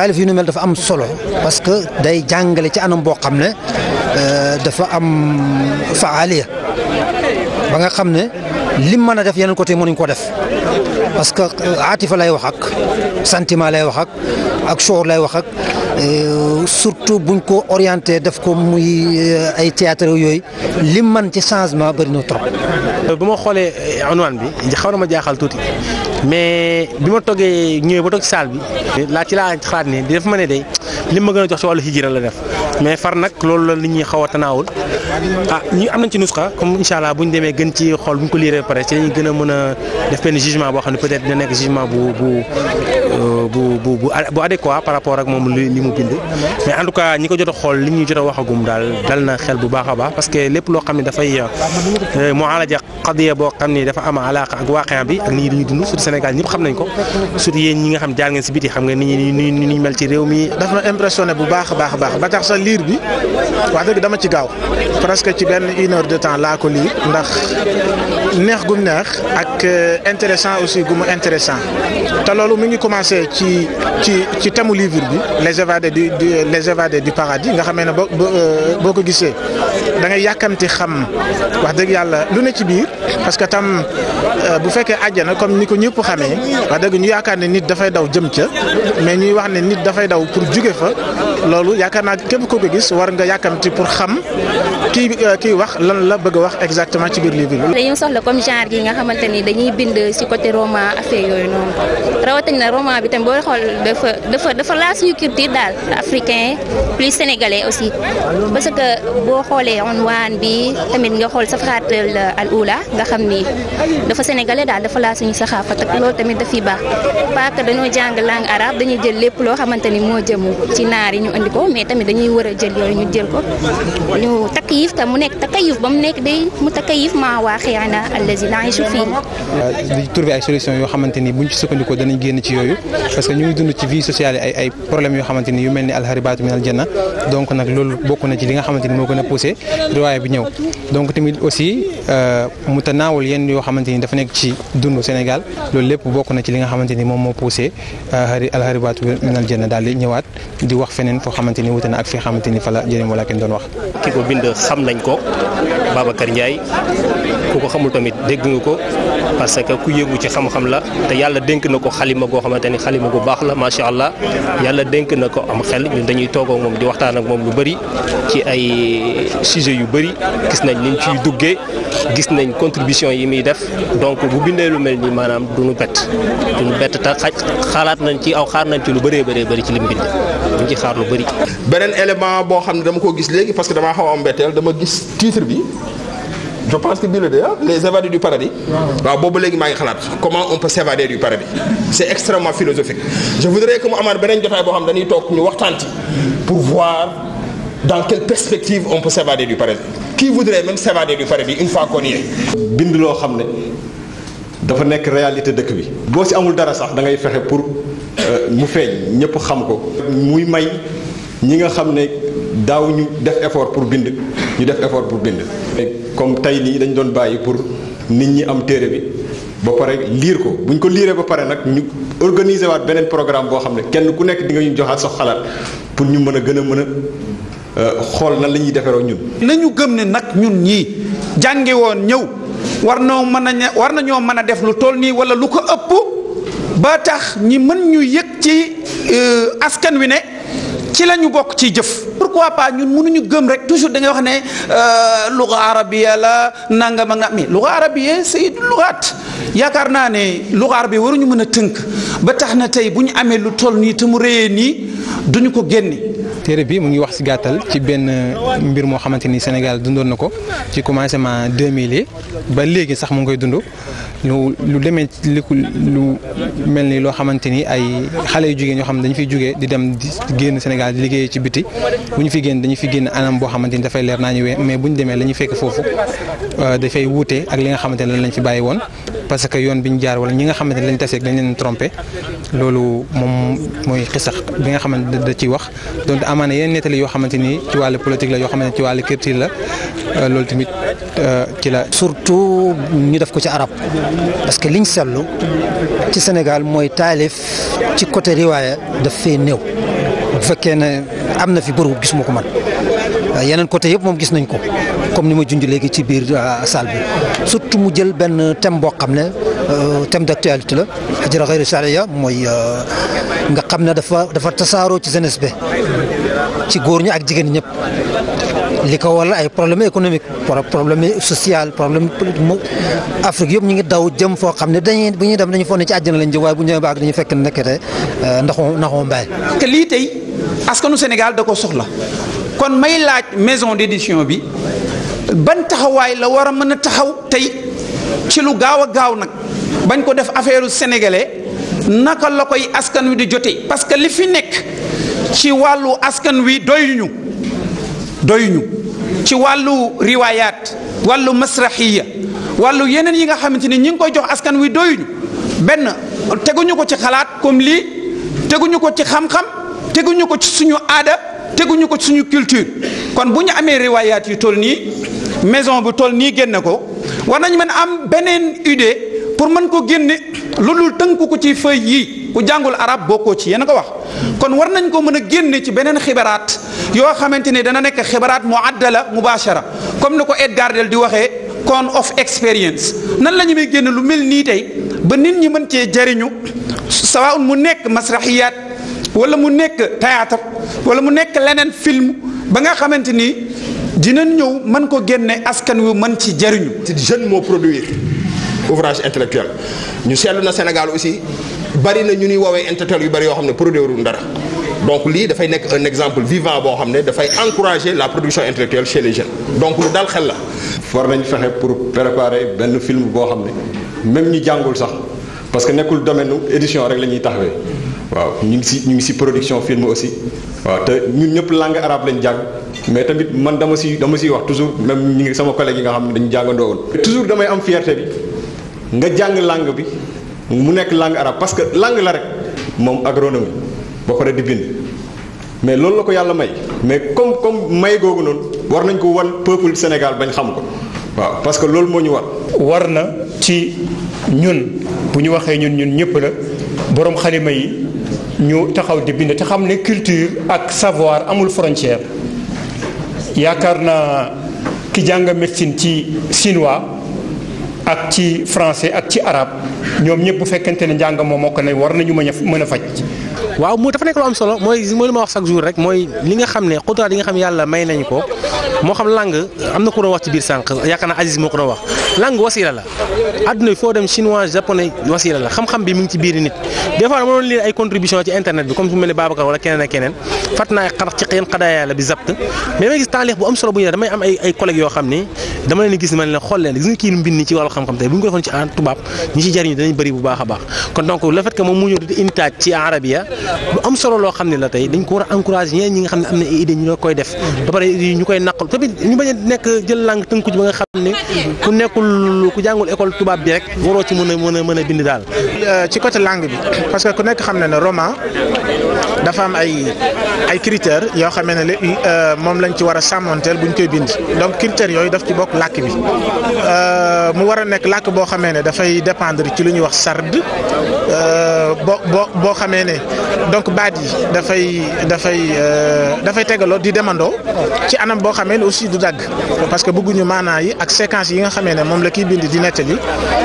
taalif yu nu mel dafa am solo parce que day jàngale ci anam bo xamne dafa am faaliya ba nga xamne lim mën def yeneen côté mënuñ ko def parce que atifa lay wax ak sentiment lay wax ak ak shoor lay wax ak surtout buñ ko orienter def ko muy ay théâtre yoy lim man ci changement bari no trop. bu xolé onwan bi xawna ma jaxal touti mais bi ma toggee ñëwee ba toog saal bi laa ci laa xalaat ne di def ma ne de li ma gën a jox ci wàllu hijira la def mais far nag loolu la li ñuy xaw a tanaawul ah ñu am nañ ci nusxa comme incha allah bu ñu demee gën ci xool bu ñu ko liiree ba ci la gën a mën a def benn jugement boo xam ne peut-être dina nekk jugement bu bu bu bu bu adéquat par rapport ak moom li mu bind mais en tout cas ñi ko jot a li ñu jot waxagum daal dal na xel bu baax a baax parce que lépp loo xam ne dafay euh, mu alaja xadiya boo xam ne dafa am alaaka ak waaqin bi ak nit ñi dañuy dund surtout Sénégal ñëpp xam nañ ko surtout yéen ñi nga xam jaar ngeen si biti xam nga nit ñi ni ñu mel ci réew mi daf na impressionné bu baax a baax a baax ba tax sa liir bi wax dëgg dama ci gaaw presque ci benn une heure de temps laa ko lire ndax neex gum neex ak euh, intéressant aussi gumu intéressant te loolu mi ngi commencé commencé ci ci ci thème livre bi les évadés du les évadés du paradis nga xamee ne boo euh, boo ko gisee da ngay yàkkamti xam wax dëgg yàlla lu ne ci biir parce que tam euh, bu fekkee àjjana comme ni ko ñëpp xamee wax dëgg ñu yaakaar ne nit dafay daw jëm ca mais ñuy wax ne nit dafay daw pour jóge fa loolu yaakaar naa képp ko ko gis war nga yàkkamti pour xam kii euh, kii wax lan la bëgg a wax exactement ci biir livre bi. dañu soxla comme genre yi nga xamante ni dañuy bind si côté roman affaire yooyu noonu rawatina roman bi tam boo xool dafa dafa dafa laal suñu culture daal africain plus sénégalais aussi parce que boo xoolee unwaan bi tamit nga xool safaratul al oula nga xam ni dafa sénégalais daal dafa laal suñu saxaafa te loolu tamit dafiy baax parce que dañoo jàng langue arabe dañuy jël lépp loo xamante ni moo jëm ci naar yi ñu andi ko mais tamit dañuy war a jël ñu jël ko تكيف كمونيك تكيف بمنيك دي متكيف مع واقعنا الذي نعيش فيه دي تور بي اي سوليسيون يو خامتيني بونتي سوكانديكو داني ген تي يويو في سوسيال اي اي بروبليم يو خامتيني يو ملني الهربات من الجنه دونك نك لول بوكو نتي ليغا خامتيني مو غنا بوسي رواي بي نيو دونك تيميت اوسي متناول ين يو خامتيني دا فنيك تي دوندو سينيغال لول ليب بوكو نتي ليغا خامتيني مو مو بوسي هاري الهربات من الجنه دال لي نيوات دي واخ فنين فو خامتيني وتنا اك في خامتيني فلا جيرم ولكن دون واخ كيكو بيندو xam nañ ko Babacar Ndiaye ku ko xamul tamit dégg nga ko parce que ku yëngu ci xam-xam la te yàlla dénk nako khalima go xamanteni khalima gu bax la ma sha allah yàlla dénk nako am xel ñun dañuy togo mom di waxtaan ak mom lu bari ci ay sujet yu bari gis nañ ni ñu ciy duggee gis nañ contribution yi mi def donc bu bindé lu melni manam maanaam du nu bet du nu bett te xalaat nañ ci aw xaar nañ ci lu bari bari bari ci lim bind ñu ci xaar lu bari benen élément bo xam dama ko gis légui parce que dama xaw am bettel dama gis titre bi. je pense que ah. les évadés du paradis. waaw comment on peut s'évader du paradis. c'est extrêmement philosophique. je voudrais que mu amaat beneen jotaay boo xam pour voir dans quelle perspective on peut s'évader du paradis. qui voudrait même s'évader du paradis une fois qu'on y est. bind loo xam réalité de bi. boo ci amul dara sax da ngay pour nous euh, feeñ ñépp xam ko. muy may ñi nga xam ne ñu def effort pour bind ñu def effort pour bind. comme tey lii dañ doon bàyyi pour nit ñi am téere bi ba pare liir ko bu ñu ko liiree ba pare nag ñu organiser waat beneen programme boo xam ne kenn ku nekk di nga ñu joxaat sa xalaat pour ñu mën a gën a mën a euh, xool na la ñuy defaroo ñun. nañu gëm ne nag ñun ñii jàngi woon ñëw war noo mën a war nañoo mën a def lu tool nii wala lu ko ëpp ba tax ñi mën ñu yëg ci euh, askan wi ne. ci la ñu bokk ci jëf pour pourquoi pas ñun ñu gëm rek toujours da ngay wax ne euh, luga arabia la nangam ak nga mais luga arabia c'est lugaat yaakaar naa ne luga arabia waruñu mën a tënk ba tax na tey bu ñu amee lu toll nii te mu réyee nii duñu ko génne. téere bi mu ngi wax si gàttal ci benn mbir moo xamante ni Sénégal dundoon na ko ci commencement 2000 yi ba léegi sax mu ngi koy dund lu lu demee li lu mel ni loo xamante ni ay xale yu jugee ñoo xam ne dañu fiy jugee di dem génn Sénégal di liggéeyee ci biti bu ñu fi génn dañu fi génn anam boo xamante ni dafay leer naa ñu wee mais bu ñu demee la ñu fekk foofu euh, dafay wuute ak li nga xamante ne lañ fi bàyyi woon parce que yoon bi ñu jaar wala ñi nga xamante ne lañ taseeg dañ leen trompé loolu moom mooy xisax maanaam da ciy wax donc amaana yeneen nettali yoo xamante ni ci wàllu politique la yoo xamante ni ci wàllu culture la loolu tamit ci la. surtout ñu def ko ci arab parce que liñ seetlu ci Sénégal mooy taalif ci côté riwaaya daf fee néew bu fekkee ne am na fi bëru gisuma ko man yeneen côté yëpp moom gis nañ ko comme ni ma junj léegi ci biir salle bi surtout mu jël benn thème boo xam ne. thème d'actualité la ajra xayri saaliya mooy euh, nga xam ne dafa dafa tasaaroo ci jeunesse bi ci góor ñi ak jigéen ñëpp li ko wala ay problème économique problème social problème Afrique yëpp ñu ngi daw jëm foo xam ne dañuy bu ñuy dem dañu foog ne lañ jëm waaye bu ñëwee ba ak dañuy fekk ne nekkete ndaxoo euh, ndaxoo mbaay te lii tey askanu Sénégal da ko soxla kon may laaj maison d'édition bi ban taxawaay la war a mën taxaw tey ci lu gaaw nag bañ ko def affaire sénégalais naka la koy askan wi di jote parce que li fi nekk ci wàllu askan wi doyuñu doyuñu ci wàllu riwaayaat wàllu masraxiya wàllu yeneen yi nga xamante ni ñi ngi koy jox askan wi doyuñu benn teguñu ko ci xalaat comme lii teguñu ko ci xam-xam teguñu ko ci suñu aada teguñu ko suñu culture kon bu ñu amee riwaayaat yu toll nii maison bu toll nii génne ko war nañ mën am beneen idée pour mën ko génne lu dul tënku ko ci feuille yii ku jàngul arab bokkoo ci yéen a ko wax kon war nañ ko mën a génne ci beneen xibaraat yoo xamante ne dana nekk xibaraat mu àddala mubashara comme ni ko Edgar Del di waxee con of experience nan lañu ñu may génne lu mel nii tey ba nit ñi mën cee jariñu sawaun mu nekk masraxiyaat wala mu nekk théâtre wala mu nekk leneen film ba nga xamante ni dinañ ñëw mën ko génne askan wi mën ci jariñu. jeune moo produire. ouvrage intellectuel ñu seetlu na Sénégal aussi bari na ñu ñuy woowee intellectuel yu bari yo xam ne produirul dara donc da fay nek un exemple vivant bo xam da fay encourager la production intellectuelle chez les jeunes donc lu dal xel la. war nañ fexé pour préparer le film bo xam même ñi ça, sax parce que nekul domaine édition rek lañuy taxawé. waaw ñu ngi si ñu ngi si production film aussi waaw te ñun ñëpp langue arabe lañ jang mais tamit man dama si dama si wax toujours même ñi sama collègue yi nga xam dañu toujours damay am fierté bi. nga jang lang bi mu nek lang arab parce que lang la rek mom agronomie ba pare di bind mais loolu la ko yalla may mais comme comme may gogou non war nañ ko won peuple sénégal bañ xam ko waaw parce que loolu moñu war warna ci ñun bu ñu waxe ñun ñun ñepp la borom xalima yi ñu taxaw di bind te xam ne culture ak savoir amul frontière yaakaar na ki jàng médecine ci chinois ak français ak arabe ñoom ñëpp bu fekkente ne njàng moom moo ko ne war nañu mën a mën a faj. waaw mu dafa nekk lu am solo mooy mooy ne xudra yi nga xam yàlla may nañu ko moo xam lang am na ku bi mu ngi ci biir nit gis taalix bu am solo bu ñu damay am ay ay yoo xam ne dama leen gis man leen xool leen gis nga kii nu mbind ci wàllu xam-xam tey bu ñu ko defoon ci ah, tubaab ñu ci jariñu dinañ bëri bu baax a baax kon donc le fait que moom mu ñëw di intaaj ci arabia lu am solo loo xam ne la tey dañ ko war a encouragé ñeneen ñi nga xam ne am na idée ñu koy def ba pare ñu koy naqal tamit a bi rek waroo ci mën a mën a mën a bind daal euh, ci côté langue bi parce que ku nekk xam na ne roman dafa am ay ay critères yoo xamee ne euh, moom lañ ci war a bu buñ koy bind donc critères yooyu def ci bokk lakk bi euh, mu war a nekk làkk boo xamee ne dafay dépendre ci lu ñuy wax sard euh, bo boo boo xamee ne donc baat yi dafay da fay euh, tegaloo di demando ci anam bo xamé ne aussi du dag parce que bëggu ñu maanaa yi ak séquence yi nga xamé né mom la kiy bind di nettali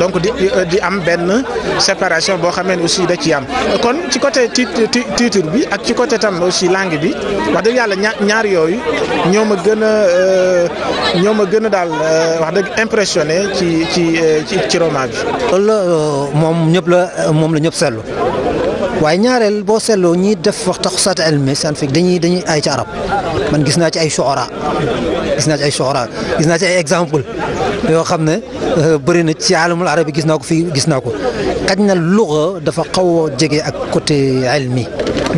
donc di di euh, am ben séparation bo xamé ne aussi da ci am kon ci côté titre bi ak ci côté tam aussi langue bi wax dëgg yàlla ñaar yooyu ñoma gëna gën a euh, ñoo ma wax dëgg impressionné ci ci ci roman bi. loolu mom ñëpp la mom la ñëpp seetlu. waaye ñaareel boo seetloo ñi def wax tax saati elmi saan fekk dañuy dañuy ay ci arab man gis naa ci ay soxora gis naa ci ay soxora gis naa ci ay exemple yoo xam ne euh, bëri na ci alamul arabi gis naa ko fii gis naa ko xaj na luga dafa xaw jege ak côté elmi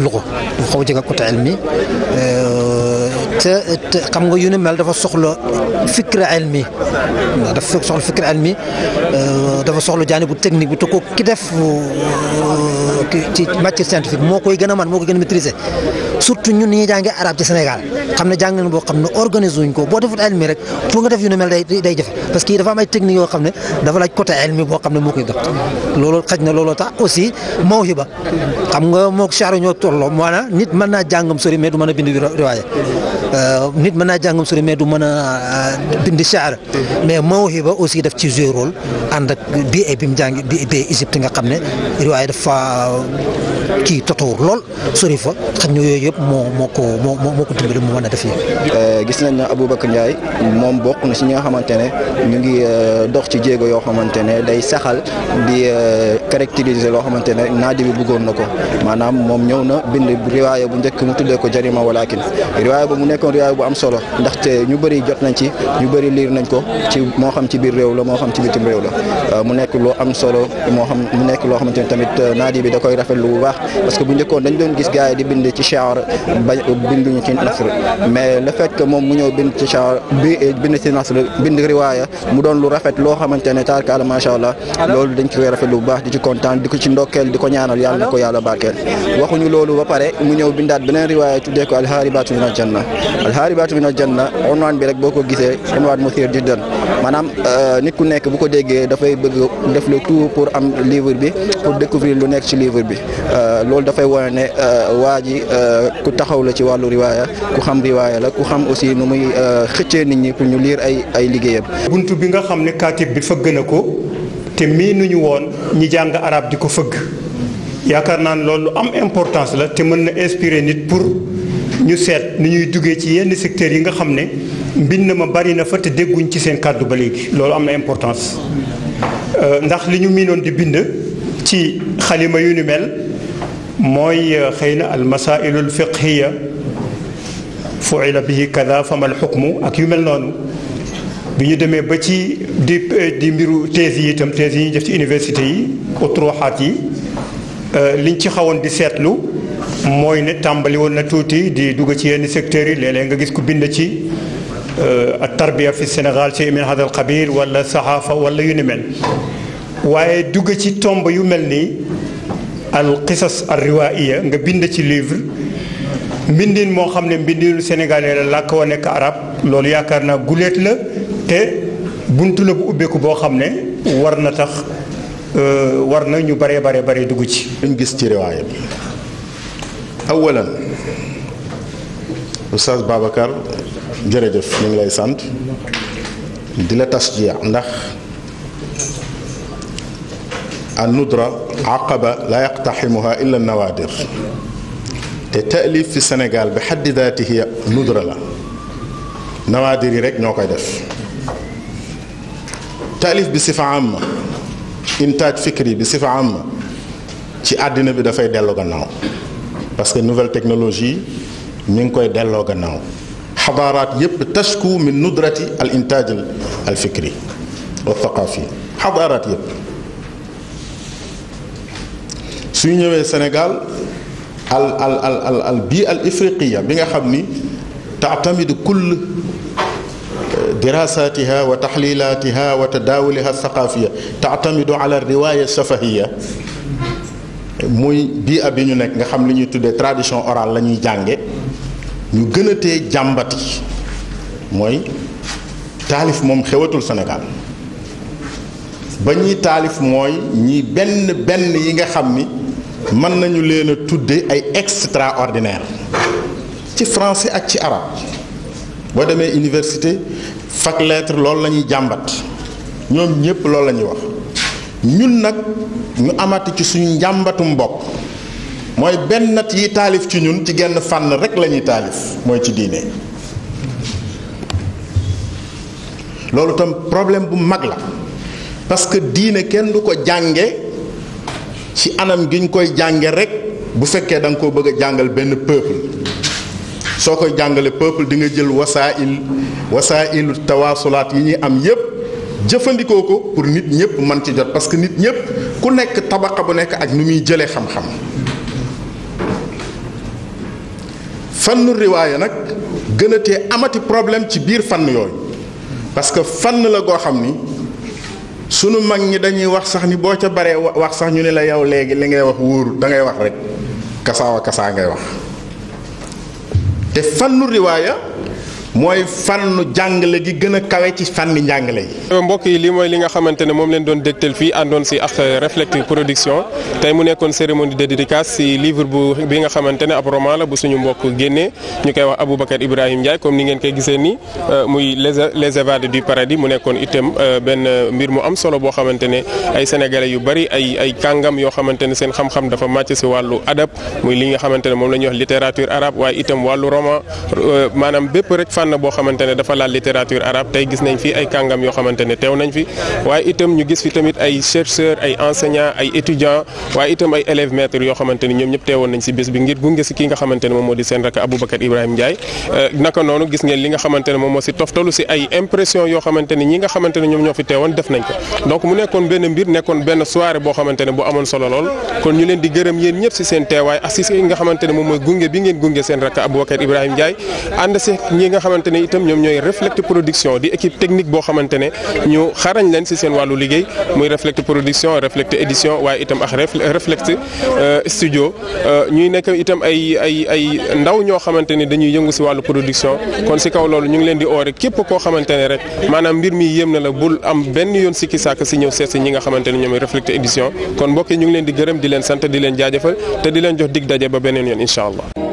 luga dafa xaw a jege ak côté elmi te xam nga yu ni mel dafa soxla fikr elmi dafa soxla fikr elmi dafa soxla jaani bu technique bi te ko ki def ci matière scientifique moo koy gën a man moo koy gën a maîtriser surtout ñun ni ñuy jàngee arab ci Sénégal xam ne jàng nañ boo xam ne organiser wuñ ko boo defut elmi rek pour nga def yu ni mel day day jafe parce que dafa am ay technique yoo xam ne dafa laaj côté elmi boo xam ne moo koy gëm loolu xaj na looloo tax aussi mawhiba xam nga moog charu ñoo tolloo maanaam nit mën naa jàngam sori mais du mën a bind riwaaya Euh, nit mën naa jàngam sori mais du man a bind euh, chaara mais mawhiba aussi def ci joué rôle ànd ak bi ay bi bi bi Égypte nga xam ne riwaay dafa euh, kii totoor lool sori fa xam ne yooyu yëpp moo moo ko moo moo ko dimbali mu mën a def yi gis nañ ne Aboubacar Ndiaye moom bokk na si ñi nga xamante ne ñu ngi dox ci jéego yoo xamante ne day saxal di caractériser lo xamantene ne bi bëggoon nako manam mom moom ñëw na bind riwaya bu ñëk mu tuddé ko jarima walakin riwaya bu mu nekkon riwaya bu am solo ndax té ñu bëri jot nañ ci ñu bëri lire nañ ko ci mo xam ci bir réew la mo xam ci bitim réew la mu nekk lo am solo mo xam mu nekk lo xamantene tamit naaj bi da koy rafet lu baax parce que bu ñëkkon dañ doon gis gaay di bind ci shaar bind ñu ci nasr mais le fait que mom mu ñëw bind ci shaar bi bind ci nasr bind riwaya mu doon lu rafet loo xamante ne ma sha allah lolu dañ ci koy rafetlu bu baax ci kontaan di ko ci ndokkeel di ko ñaanal yàlla na ko yàlla barkeel waxuñu loolu ba pare mu ñëw bindaat beneen riwaaya tuddee ko alhaaribaatu min aljanna alhaaribaatu min aljanna onwaan bi rek boo ko gisee onwaan musir jiddan maanaam euh, nit ku nekk bu ko déggee dafay bëgg def le tout pour am livre bi pour découvrir lu nekk ci livre bi euh, loolu dafay wone ne euh, waa ji ku taxaw la ci wàllu riwaaya ku xam riwaaya la ku xam aussi nu muy xëccee nit ñi pour ñu lire ay ay liggéeyam te miinuñu woon ñi jàng arab di ko fëgg yaakaar naa ne loolu am importance la te mën na inspirer nit pour ñu seet ni ñuy duggee ci yenn secteurs yi nga xam ne mbind ma bari na fa te dégguñ ci seen kàddu ba léegi loolu am na importance euh, ndax li ñu miinoon di bind ci xalima yu ni mel mooy euh, xëy na al masailul fiqhiya fuila bihi kada famal xukmu ak yu mel noonu biñu ñu demee ba ci di di mbiru thèse yi itam thèse yi ñu def ci université yi utroxaat yi liñ ci xawoon di seetlu mooy ne tàmbali woon na tuuti di dugg ci yenn secteur yi léeg-léeg nga gis ku bind ci ak tarbiya fi Sénégal ci min hadal qabil wala sahafa wala yu ni mel waaye dugg ci tomb yu mel nii al qisas al riwaiya nga bind ci livre mbindin moo xam ne mbindinu sénégalais la làkk wa nekk arab loolu yaakaar naa guléet la te buntu la bu ubbé ko bo xamné war na tax war na ñu bare bare bare dugg ci ñu gis ci riwaya bi awalan oustaz babakar jërëjëf ñu lay sant di la tasjiya ndax الندرة عقبة لا يقتحمها إلا النوادر التأليف في السنغال بحد ذاته هي ندرة لا نوادر رك نوكاي دف تاليف بصفه عامه انتاج فكري بصفه عامه تي ادنا بي دا فاي ديلو غناو باسكو نوفيل تكنولوجي نين كوي ديلو غناو حضارات ييب تشكو من ندره الانتاج الفكري والثقافي حضارات ييب سوي نيوي سنغال ال ال ال ال البيئه الافريقيه بيغا خامني تعتمد كل دراساتها وتحليلاتها وتداولها الثقافية تعتمد على الرواية السفهية موي بي ابي ني نك خام لي ني تودي تراديشن اورال لا ني جانغي ني تي جامباتي موي تالف مم خيواتول السنغال بني ني تالف موي ني بن بن ييغا خام ني من نانيو لينا اي اكسترا اوردينير تي فرنسي اك تي عربي boo demee université fac lettre loolu lañuy jàmbat ñoom ñépp loolu la ñuy wax ñun nag ñu amati ci suñu njàmbatum bopp mooy benn nat yi taalif ci ñun ci genn fànn rek la ñuy taalif mooy ci diine loolu tam problème bu mag la parce que diine kenn du ko jànge ci anam gi ñu koy jànge rek bu fekkee danga ko koo bëgg a jàngal benn peuple soo koy jàngalee peuple di nga jël wasaa'il wasaa'ilu tawaasulaat yi ñuy am yépp jëfandikoo ko pour nit ñëpp man ci jot parce que nit ñëpp ku nekk tabaqa bu nekk ak nu muy jëlee xam-xam fannu riwaaya nag gën a amati problème ci biir fànn yooyu parce que fànn la goo xam ni sunu mag ñi dañuy wax sax ni boo ca baree wax sax ñu ne la yow léegi li ngay wax wóoru da ngay wax rek kasaawa kasaa ngay wax te fannu riwaaya mooy fànnu jàngale gi gën a kawe ci fànni njàngale yi. Euh, mbokk yi lii mooy li nga xamante ne moom leen doon dégtal fii àndoon si ak euh, Reflect Production tey mu nekkoon cérémonie de dédicace si livre bu bi nga xamante ne ab roman la bu suñu mbokk génnee ñu koy wax Aboubacar Ibrahim Ndiaye comme ni ngeen koy gisee nii euh, muy les les évadés du paradis mu nekkoon itam benn mbir mu am solo boo xamante ne ay sénégalais yu bari ay ay kàngam yoo xamante ne seen xam-xam dafa màcc si wàllu adab muy li nga xamante ne moom la ñuy wax littérature arabe waaye itam wàllu roman maanaam fànn boo xamante ne dafa laal littérature arabe tey ñëpp teewoon nañ si bés bi ngir gunge si ki nga xamante ne moom moo di seen rakk Aboubacar Ibrahima Ndiaye euh, naka noonu gis ngeen li nga xamante moom moo si toftalu si ay impression yoo xamante ñi nga xamante moom mooy gunge bi ngeen gunge seen rakk Aboubacar Ibrahima Ndiaye ànd si ñi nga xamante xamante ne itam ñoom ñooy Reflect Production di équipe technique boo xamante ne ñu xarañ leen ci seen wàllu liggéey muy Reflect Production Reflect édition waaye itam ak Reflect euh, studio euh, ñuy nekk itam ay ay ay ndaw ñoo xamante ne dañuy yëngu ci wàllu production kon ci kaw loolu ñu ngi leen di oore képp koo xamante ne rek maanaam mbir mi yéem na la bul am benn yoon sikki sàkk ci ñëw seet ci ñi nga xamante ne ñoom ñooy Reflect édition kon mbokk ñu ngi leen di gërëm d leen sant di leen jaajëfal te leen jox dig daje ba beneen yoon incha